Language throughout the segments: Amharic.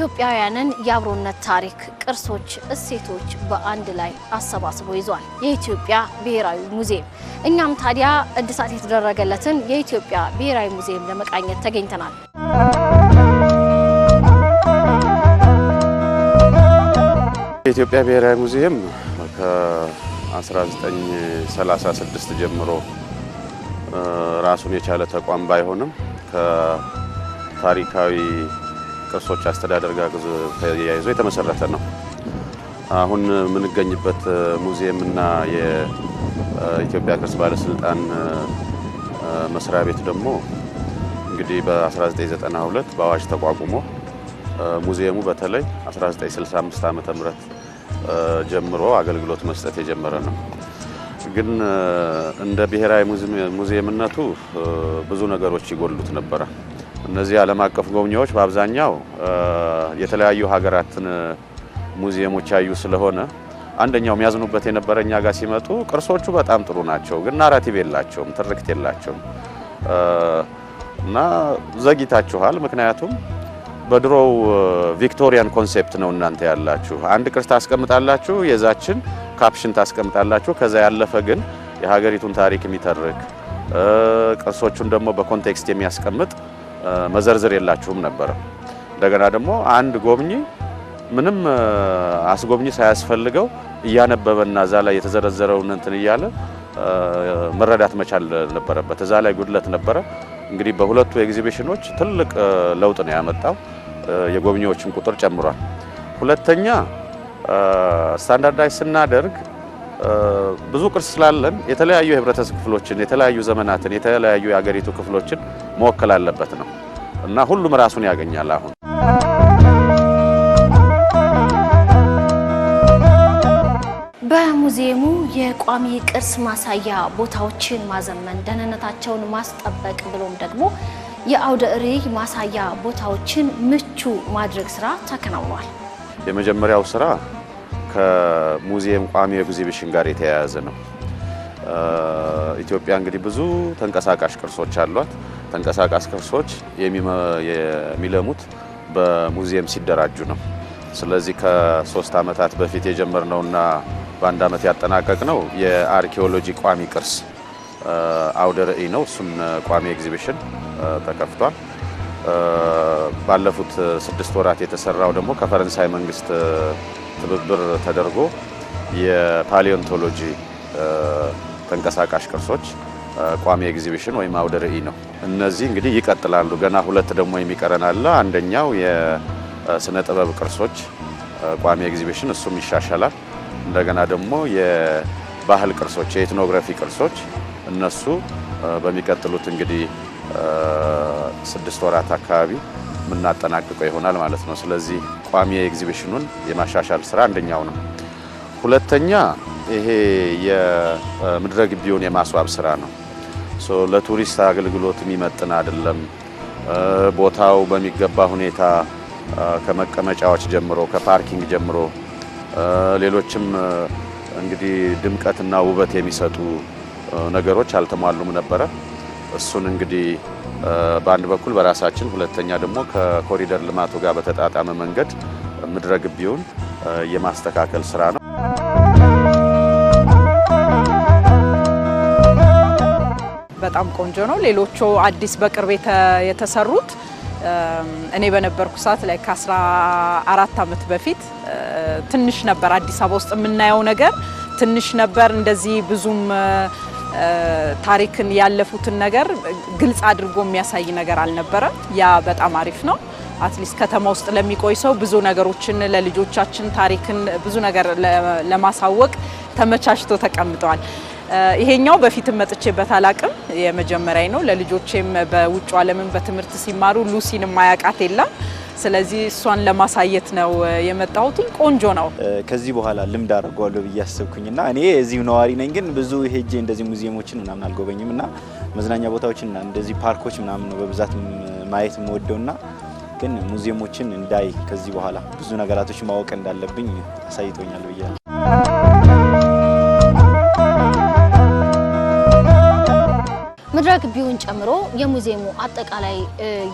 የኢትዮጵያውያንን የአብሮነት ታሪክ፣ ቅርሶች፣ እሴቶች በአንድ ላይ አሰባስቦ ይዟል የኢትዮጵያ ብሔራዊ ሙዚየም። እኛም ታዲያ እድሳት የተደረገለትን የኢትዮጵያ ብሔራዊ ሙዚየም ለመቃኘት ተገኝተናል። የኢትዮጵያ ብሔራዊ ሙዚየም ከ1936 ጀምሮ ራሱን የቻለ ተቋም ባይሆንም ከታሪካዊ ቅርሶች አስተዳደር ጋር ተያይዞ የተመሰረተ ነው። አሁን የምንገኝበት ሙዚየም እና የኢትዮጵያ ቅርስ ባለስልጣን መስሪያ ቤት ደግሞ እንግዲህ በ1992 በአዋጅ ተቋቁሞ ሙዚየሙ በተለይ 1965 ዓ ም ጀምሮ አገልግሎት መስጠት የጀመረ ነው። ግን እንደ ብሔራዊ ሙዚየምነቱ ብዙ ነገሮች ይጎሉት ነበራል። እነዚህ ዓለም አቀፍ ጎብኚዎች በአብዛኛው የተለያዩ ሀገራትን ሙዚየሞች ያዩ ስለሆነ አንደኛው የሚያዝኑበት የነበረ እኛ ጋር ሲመጡ ቅርሶቹ በጣም ጥሩ ናቸው፣ ግን ናራቲቭ የላቸውም፣ ትርክት የላቸውም እና ዘግይታችኋል፣ ምክንያቱም በድሮው ቪክቶሪያን ኮንሴፕት ነው እናንተ ያላችሁ። አንድ ቅርስ ታስቀምጣላችሁ፣ የዛችን ካፕሽን ታስቀምጣላችሁ። ከዛ ያለፈ ግን የሀገሪቱን ታሪክ የሚተርክ ቅርሶቹን ደግሞ በኮንቴክስት የሚያስቀምጥ መዘርዘር የላችሁም ነበረ። እንደገና ደግሞ አንድ ጎብኚ ምንም አስጎብኚ ሳያስፈልገው እያነበበና እዛ ላይ የተዘረዘረውን እንትን እያለ መረዳት መቻል ነበረበት። እዛ ላይ ጉድለት ነበረ። እንግዲህ በሁለቱ ኤግዚቢሽኖች ትልቅ ለውጥ ነው ያመጣው። የጎብኚዎችን ቁጥር ጨምሯል። ሁለተኛ ስታንዳርዳይዝ ስናደርግ ብዙ ቅርስ ስላለን የተለያዩ የህብረተሰብ ክፍሎችን የተለያዩ ዘመናትን የተለያዩ የአገሪቱ ክፍሎችን መወከል አለበት ነው እና ሁሉም ራሱን ያገኛል። አሁን በሙዚየሙ የቋሚ ቅርስ ማሳያ ቦታዎችን ማዘመን፣ ደህንነታቸውን ማስጠበቅ ብሎም ደግሞ የአውደ ርዕይ ማሳያ ቦታዎችን ምቹ ማድረግ ስራ ተከናውኗል። የመጀመሪያው ስራ ከሙዚየም ቋሚ ኤግዚቢሽን ጋር የተያያዘ ነው። ኢትዮጵያ እንግዲህ ብዙ ተንቀሳቃሽ ቅርሶች አሏት። ተንቀሳቃሽ ቅርሶች የሚለሙት በሙዚየም ሲደራጁ ነው። ስለዚህ ከሶስት ዓመታት በፊት የጀመርነውና በአንድ ዓመት ያጠናቀቅነው የአርኪኦሎጂ ቋሚ ቅርስ አውደ ርዕይ ነው። እሱም ቋሚ ኤግዚቢሽን ተከፍቷል። ባለፉት ስድስት ወራት የተሰራው ደግሞ ከፈረንሳይ መንግስት ትብብር ተደርጎ የፓሊዮንቶሎጂ ተንቀሳቃሽ ቅርሶች ቋሚ ኤግዚቢሽን ወይም አውደ ርዕይ ነው። እነዚህ እንግዲህ ይቀጥላሉ። ገና ሁለት ደግሞ የሚቀረን አለ። አንደኛው የስነ ጥበብ ቅርሶች ቋሚ ኤግዚቢሽን፣ እሱም ይሻሻላል። እንደገና ደግሞ የባህል ቅርሶች፣ የኤትኖግራፊ ቅርሶች እነሱ በሚቀጥሉት እንግዲህ ስድስት ወራት አካባቢ የምናጠናቅቀው ይሆናል ማለት ነው። ስለዚህ ቋሚ የኤግዚቢሽኑን የማሻሻል ስራ አንደኛው ነው። ሁለተኛ ይሄ የምድረ ግቢውን የማስዋብ ስራ ነው። ለቱሪስት አገልግሎት የሚመጥን አይደለም። ቦታው በሚገባ ሁኔታ ከመቀመጫዎች ጀምሮ ከፓርኪንግ ጀምሮ ሌሎችም እንግዲህ ድምቀትና ውበት የሚሰጡ ነገሮች አልተሟሉም ነበረ። እሱን እንግዲህ በአንድ በኩል በራሳችን ሁለተኛ ደግሞ ከኮሪደር ልማቱ ጋር በተጣጣመ መንገድ ምድረ ግቢውን የማስተካከል ስራ ነው። በጣም ቆንጆ ነው። ሌሎቹ አዲስ በቅርብ የተሰሩት እኔ በነበርኩ ሰዓት ላይ ከ14 ዓመት በፊት ትንሽ ነበር። አዲስ አበባ ውስጥ የምናየው ነገር ትንሽ ነበር። እንደዚህ ብዙም ታሪክን ያለፉትን ነገር ግልጽ አድርጎ የሚያሳይ ነገር አልነበረም። ያ በጣም አሪፍ ነው። አትሊስት ከተማ ውስጥ ለሚቆይ ሰው ብዙ ነገሮችን ለልጆቻችን ታሪክን ብዙ ነገር ለማሳወቅ ተመቻችቶ ተቀምጠዋል። ይሄኛው በፊትም መጥቼበት አላቅም፣ የመጀመሪያ ነው። ለልጆቼም በውጭ ዓለምን በትምህርት ሲማሩ ሉሲን ማያቃት የለም። ስለዚህ እሷን ለማሳየት ነው የመጣሁትኝ። ቆንጆ ነው። ከዚህ በኋላ ልምድ አድርጓለሁ ብዬ አሰብኩኝና እኔ እዚሁ ነዋሪ ነኝ፣ ግን ብዙ ሄጄ እንደዚህ ሙዚየሞችን ምናምን አልጎበኝም እና መዝናኛ ቦታዎችና እንደዚህ ፓርኮች ምናምን ነው በብዛት ማየት የምወደውና ግን ሙዚየሞችን እንዳይ ከዚህ በኋላ ብዙ ነገራቶች ማወቅ እንዳለብኝ አሳይቶኛል ብያለሁ። መድረክ ግቢውን ጨምሮ የሙዚየሙ አጠቃላይ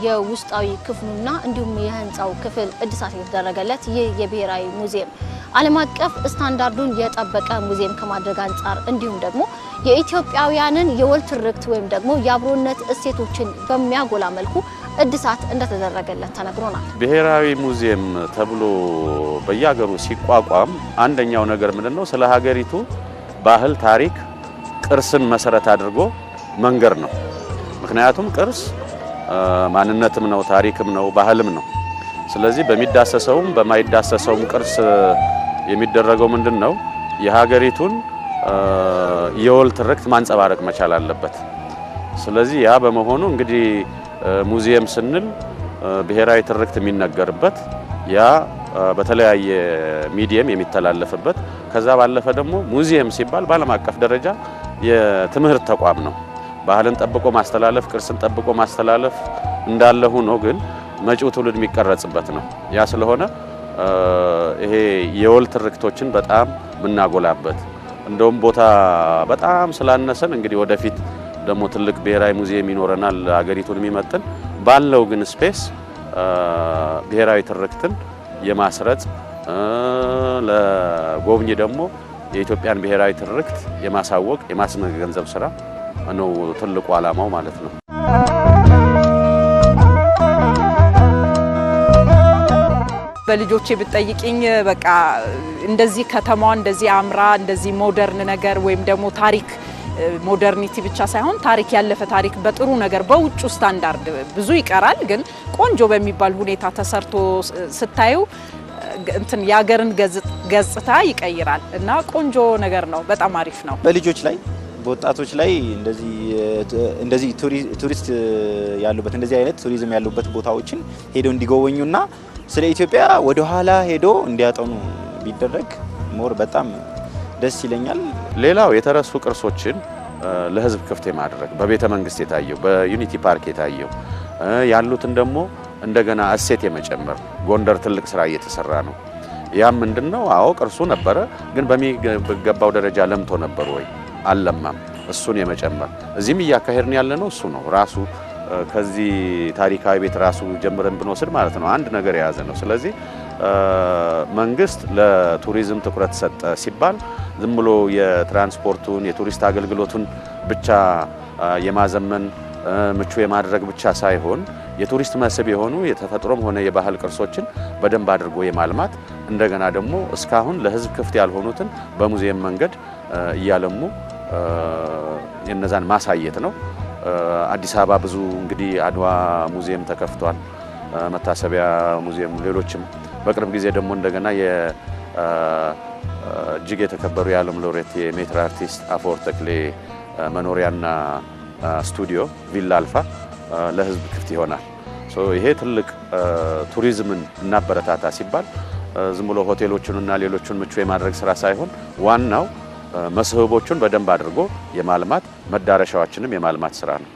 የውስጣዊ ክፍሉና እንዲሁም የህንፃው ክፍል እድሳት የተደረገለት ይህ የብሔራዊ ሙዚየም ዓለም አቀፍ ስታንዳርዱን የጠበቀ ሙዚየም ከማድረግ አንጻር እንዲሁም ደግሞ የኢትዮጵያውያንን የወል ትርክት ወይም ደግሞ የአብሮነት እሴቶችን በሚያጎላ መልኩ እድሳት እንደተደረገለት ተነግሮናል። ብሔራዊ ሙዚየም ተብሎ በየሀገሩ ሲቋቋም አንደኛው ነገር ምንድን ነው? ስለ ሀገሪቱ ባህል፣ ታሪክ፣ ቅርስን መሰረት አድርጎ መንገድ ነው። ምክንያቱም ቅርስ ማንነትም ነው፣ ታሪክም ነው፣ ባህልም ነው። ስለዚህ በሚዳሰሰውም በማይዳሰሰውም ቅርስ የሚደረገው ምንድን ነው? የሀገሪቱን የወል ትርክት ማንጸባረቅ መቻል አለበት። ስለዚህ ያ በመሆኑ እንግዲህ ሙዚየም ስንል ብሔራዊ ትርክት የሚነገርበት ያ በተለያየ ሚዲየም የሚተላለፍበት ከዛ ባለፈ ደግሞ ሙዚየም ሲባል በዓለም አቀፍ ደረጃ የትምህርት ተቋም ነው። ባህልን ጠብቆ ማስተላለፍ፣ ቅርስን ጠብቆ ማስተላለፍ እንዳለ ሆኖ ግን መጪው ትውልድ የሚቀረጽበት ነው። ያ ስለሆነ ይሄ የወል ትርክቶችን በጣም የምናጎላበት እንደውም ቦታ በጣም ስላነሰን እንግዲህ ወደፊት ደግሞ ትልቅ ብሔራዊ ሙዚየም ይኖረናል አገሪቱን የሚመጥን ባለው ግን ስፔስ ብሔራዊ ትርክትን የማስረጽ ለጎብኚ ደግሞ የኢትዮጵያን ብሔራዊ ትርክት የማሳወቅ የማስመገንዘብ ስራ ነው ትልቁ ዓላማው ማለት ነው። በልጆቼ ብጠይቅኝ በቃ እንደዚህ ከተማዋ እንደዚህ አምራ እንደዚህ ሞደርን ነገር ወይም ደግሞ ታሪክ ሞደርኒቲ ብቻ ሳይሆን ታሪክ ያለፈ ታሪክ በጥሩ ነገር በውጭ ስታንዳርድ ብዙ ይቀራል፣ ግን ቆንጆ በሚባል ሁኔታ ተሰርቶ ስታዩ እንትን የሀገርን ገጽታ ይቀይራል እና ቆንጆ ነገር ነው። በጣም አሪፍ ነው በልጆች ላይ በወጣቶች ላይ እንደዚህ ቱሪስት ያሉበት እንደዚህ አይነት ቱሪዝም ያሉበት ቦታዎችን ሄደው እንዲጎበኙና ስለ ኢትዮጵያ ወደ ኋላ ሄዶ እንዲያጠኑ ቢደረግ ሞር በጣም ደስ ይለኛል። ሌላው የተረሱ ቅርሶችን ለህዝብ ክፍት ማድረግ በቤተ መንግስት የታየው በዩኒቲ ፓርክ የታየው ያሉትን ደግሞ እንደገና እሴት የመጨመር ጎንደር ትልቅ ስራ እየተሰራ ነው። ያም ምንድን ነው? አዎ ቅርሱ ነበረ፣ ግን በሚገባው ደረጃ ለምቶ ነበር ወይ? አልለማም። እሱን የመጨመር እዚህም እያካሄድን ያለ ነው። እሱ ነው ራሱ ከዚህ ታሪካዊ ቤት ራሱ ጀምረን ብንወስድ ማለት ነው አንድ ነገር የያዘ ነው። ስለዚህ መንግስት ለቱሪዝም ትኩረት ሰጠ ሲባል ዝም ብሎ የትራንስፖርቱን የቱሪስት አገልግሎቱን ብቻ የማዘመን ምቹ የማድረግ ብቻ ሳይሆን የቱሪስት መስህብ የሆኑ የተፈጥሮም ሆነ የባህል ቅርሶችን በደንብ አድርጎ የማልማት እንደገና ደግሞ እስካሁን ለሕዝብ ክፍት ያልሆኑትን በሙዚየም መንገድ እያለሙ የነዛን ማሳየት ነው። አዲስ አበባ ብዙ እንግዲህ አድዋ ሙዚየም ተከፍቷል፣ መታሰቢያ ሙዚየም፣ ሌሎችም በቅርብ ጊዜ ደግሞ እንደገና እጅግ የተከበሩ የዓለም ሎሬት የሜትር አርቲስት አፈወርቅ ተክሌ መኖሪያና ስቱዲዮ ቪላ አልፋ ለህዝብ ክፍት ይሆናል። ይሄ ትልቅ ቱሪዝምን እናበረታታ ሲባል ዝም ብሎ ሆቴሎቹንና ሌሎቹን ምቹ የማድረግ ስራ ሳይሆን ዋናው መስህቦቹን በደንብ አድርጎ የማልማት መዳረሻዎችንም የማልማት ስራ ነው።